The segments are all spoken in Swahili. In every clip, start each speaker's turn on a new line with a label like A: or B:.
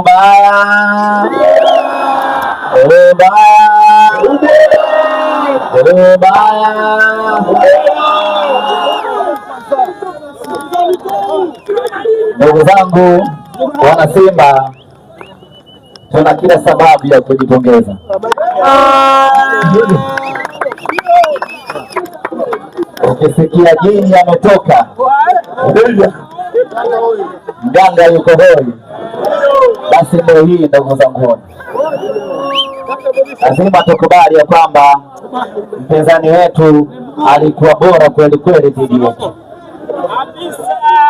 A: Ubaya ubaya ubaya ndugu zangu wana Simba, tuna kila sababu ya kujipongeza. Ukisikia jini ametoka, mganga yuko hoi basi leo hii ndugu zangu, lazima tukubali ya kwamba mpinzani wetu alikuwa bora kweli kweli dhidi yetu,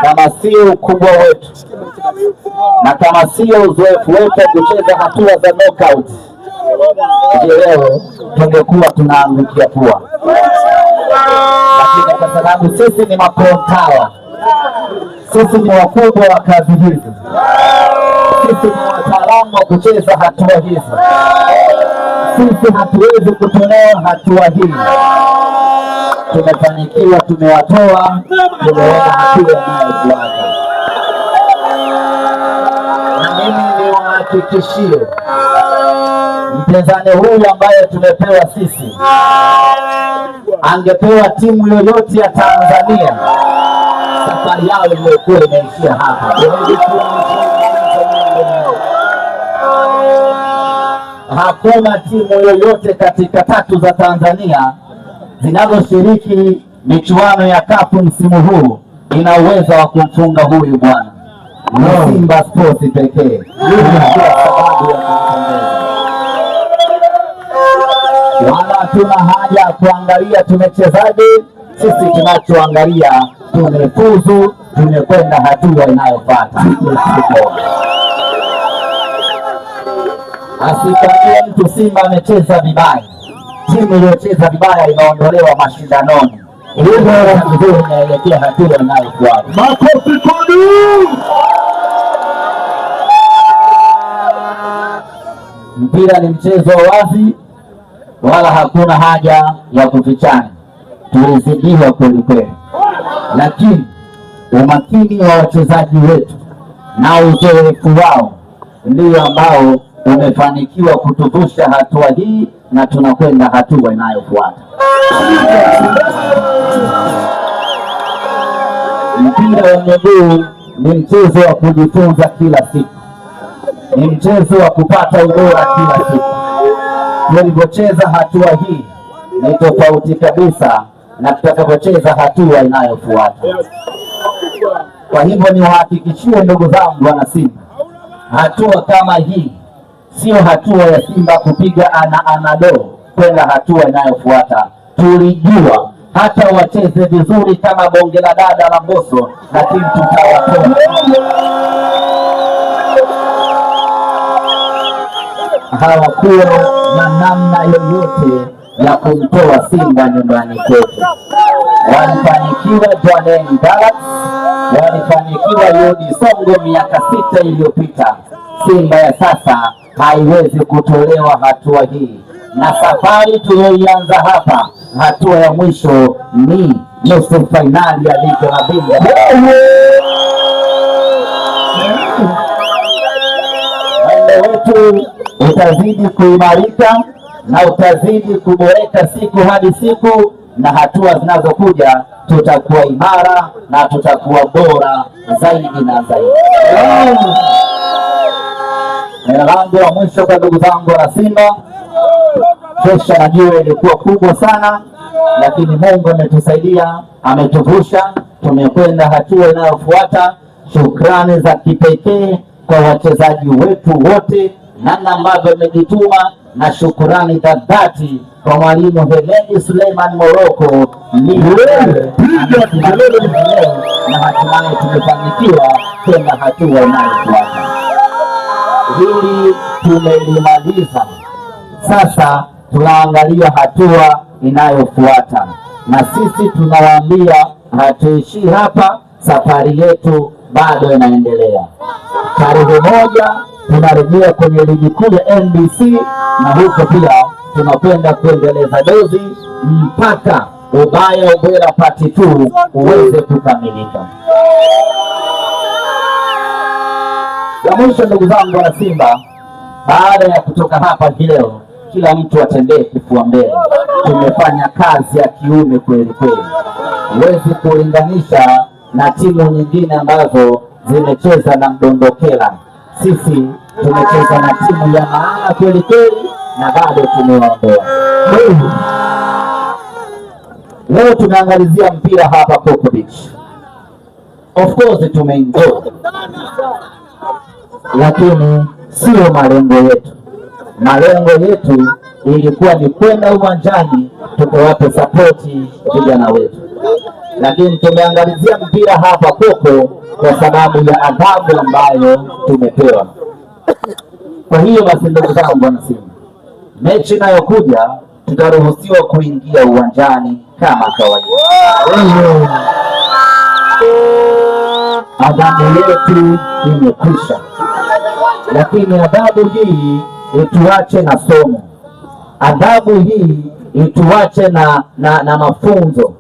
A: kama sio ukubwa wetu na kama sio uzoefu wetu wa kucheza hatua za knockout, je, leo tungekuwa tunaangukia pua. Lakini kwa sababu sisi ni makontawa, sisi ni wakubwa wa kazi hizi sisi ni wataalamu wa kucheza hatua hizi, sisi hatuwezi kutolewa hatua hii. Tumefanikiwa, tumewatoa, tumeweka hatua inayofuata, na mimi niwahakikishie mpinzani huyu ambaye tumepewa sisi, angepewa timu yoyote ya Tanzania, safari yao ingekuwa imeishia hapa. hakuna timu yoyote katika tatu za Tanzania zinazoshiriki michuano ya kapu msimu huu ina uwezo wa kumfunga huyu bwana no. Simba Sports pekee wala tuna haja ya kuangalia tumechezaje. Sisi tunachoangalia tumefuzu, tumekwenda hatua inayofuata. Asikwambie mtu Simba amecheza vibaya. Timu iliyocheza vibaya inaondolewa mashindanoni, hivyo vizuri inaelekea hatua inayofuata. Makofi kodi mpira ni mchezo wa wazi, wala hakuna haja ya kufichana. Tulizidiwa kweli, lakini umakini wa wachezaji wetu na uzoefu wao ndio ambao umefanikiwa kutuvusha hatua hii na tunakwenda hatua inayofuata. Mpira wa miguu ni mchezo wa kujifunza kila siku, ni mchezo wa kupata ubora kila siku. Tulivyocheza hatua hii ni tofauti kabisa na tutakapocheza hatua inayofuata. Kwa hivyo niwahakikishie ndugu zangu wana Simba, hatua kama hii Sio hatua ya Simba kupiga ana anado kwenda hatua inayofuata. Tulijua hata wacheze vizuri kama bonge la dada la Mbosso, lakini tutawatoa. Hawakuwa na namna yoyote ya kumtoa Simba nyumbani kwetu. Walifanikiwa Jwaneng Galaxy, walifanikiwa Yudi Songo miaka sita iliyopita. Simba ya sasa haiwezi kutolewa hatua hii, na safari tuliyoianza hapa, hatua ya mwisho ni nusu fainali ya ligi ya mabingwa. Mwendo wetu utazidi kuimarika na utazidi kuboreka siku hadi siku, na hatua zinazokuja tutakuwa imara na tutakuwa bora zaidi na zaidi rangi wa mwisho kwa ndugu zangu na Simba, kesha na jiwe ilikuwa kubwa sana, lakini Mungu ametusaidia, ametuvusha, tumekwenda hatua inayofuata. Shukrani za kipekee kwa wachezaji wetu wote, namna ambavyo amejituma na shukurani za dhati kwa mwalimu Heleni Suleiman Moroko, ni na hatimaye tumefanikiwa kwenda hatua inayofuata hili tumelimaliza. Sasa tunaangalia hatua inayofuata, na sisi tunawaambia hatuishii hapa, safari yetu bado inaendelea. Tarehe moja tunarejea kwenye ligi kuu ya NBC, na huko pia tunakwenda kuendeleza dozi mpaka ubaya ubwela pati tu uweze kukamilika mwisho, ndugu zangu wa Simba, baada ya kutoka hapa leo, kila mtu atembee kifua mbele. Tumefanya kazi ya kiume kweli kweli, huwezi kulinganisha na timu nyingine ambazo zimecheza na mdondokela. Sisi tumecheza na timu ya maana kweli kweli, na bado tumewaondoa. Leo tunaangalizia mpira hapa Coco Beach. Of course tumeingia lakini siyo malengo yetu. Malengo yetu ilikuwa ni kwenda uwanjani tukawape sapoti vijana wetu, lakini tumeangalizia mpira hapa koko kwa sababu ya adhabu ambayo tumepewa. Kwa hiyo basi, ndugu zangu, simu mechi inayokuja tutaruhusiwa kuingia uwanjani kama kawaida. Adhabu yetu imekwisha lakini adhabu hii ituache na somo, adhabu hii ituache na, na, na mafunzo.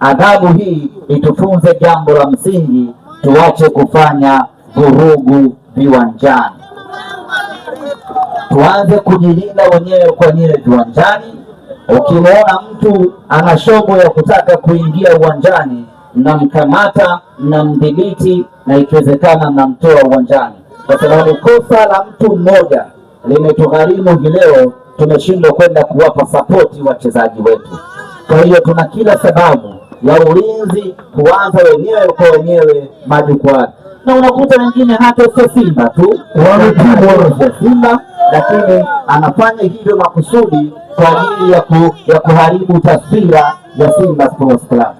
A: Adhabu hii itufunze jambo la msingi, tuache kufanya vurugu viwanjani, tuanze kujilinda wenyewe kwenyewe viwanjani. Ukimwona mtu ana shobo ya kutaka kuingia uwanjani, mnamkamata, mnamdhibiti na ikiwezekana mnamtoa uwanjani kwa sababu kosa la mtu mmoja limetugharimu hii leo, tumeshindwa kwenda kuwapa sapoti wachezaji wetu. Kwa hiyo tuna kila sababu ya ulinzi kuanza wenyewe kwa wenyewe majukwani, na unakuta wengine hata sio Simba tu wamepigwa Simba, lakini anafanya hivyo makusudi kwa ajili ya, ku, ya kuharibu taswira ya Simba Sports Club.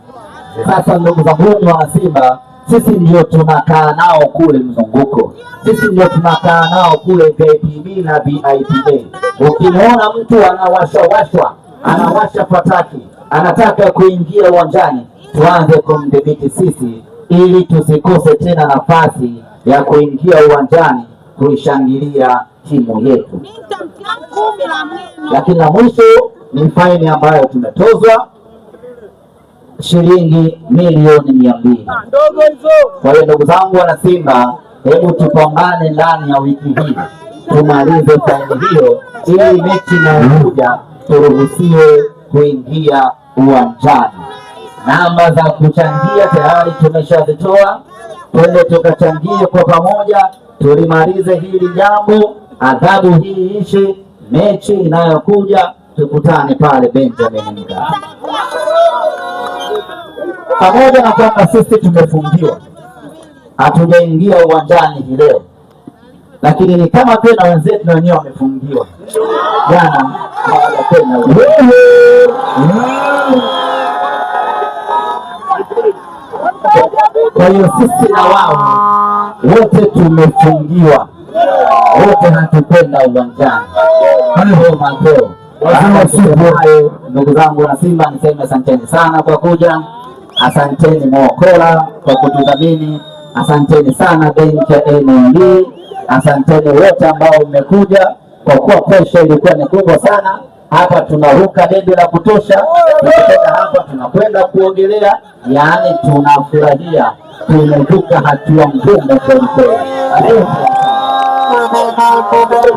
A: Sasa ndugu zangu wa Simba sisi ndio tunakaa nao kule mzunguko, sisi ndio tunakaa nao kule VPB na VIPA. Ukimwona mtu anawashawashwa, anawasha fataki, anataka kuingia uwanjani, tuanze kumdhibiti sisi, ili tusikose tena nafasi ya kuingia uwanjani kuishangilia timu yetu. Lakini la mwisho ni faini ambayo tumetozwa shilingi milioni mia mbili. Ah, kwa hiyo ndugu zangu wana Simba, hebu tupambane ndani ya wiki hii tumalize faini hiyo, ili mechi inayokuja turuhusiwe kuingia uwanjani. Namba za kuchangia tayari tumeshazitoa, twende tukachangie kwa pamoja, tulimalize hili jambo, adhabu hii ishi. Mechi inayokuja tukutane pale Benjamin Mkapa pamoja na kwamba sisi tumefungiwa, hatujaingia uwanjani hii leo, lakini ni kama vile na wenzetu na wenyewe wamefungiwa jana. Kwa hiyo sisi na wao wote tumefungiwa, wote hatukwenda uwanjani. Hayo Ndugu zangu na Simba, niseme asanteni sana kwa kuja. Asanteni Mwokola kwa kutudhamini, asanteni sana benki ya NMB, asanteni wote ambao mmekuja, kwa kuwa kesho ilikuwa ni kubwa sana hapa. Tunaruka debe la kutosha, tukitoka hapa tunakwenda kuogelea, yaani tunafurahia, tumevuka hatua ngumu kwelikweli.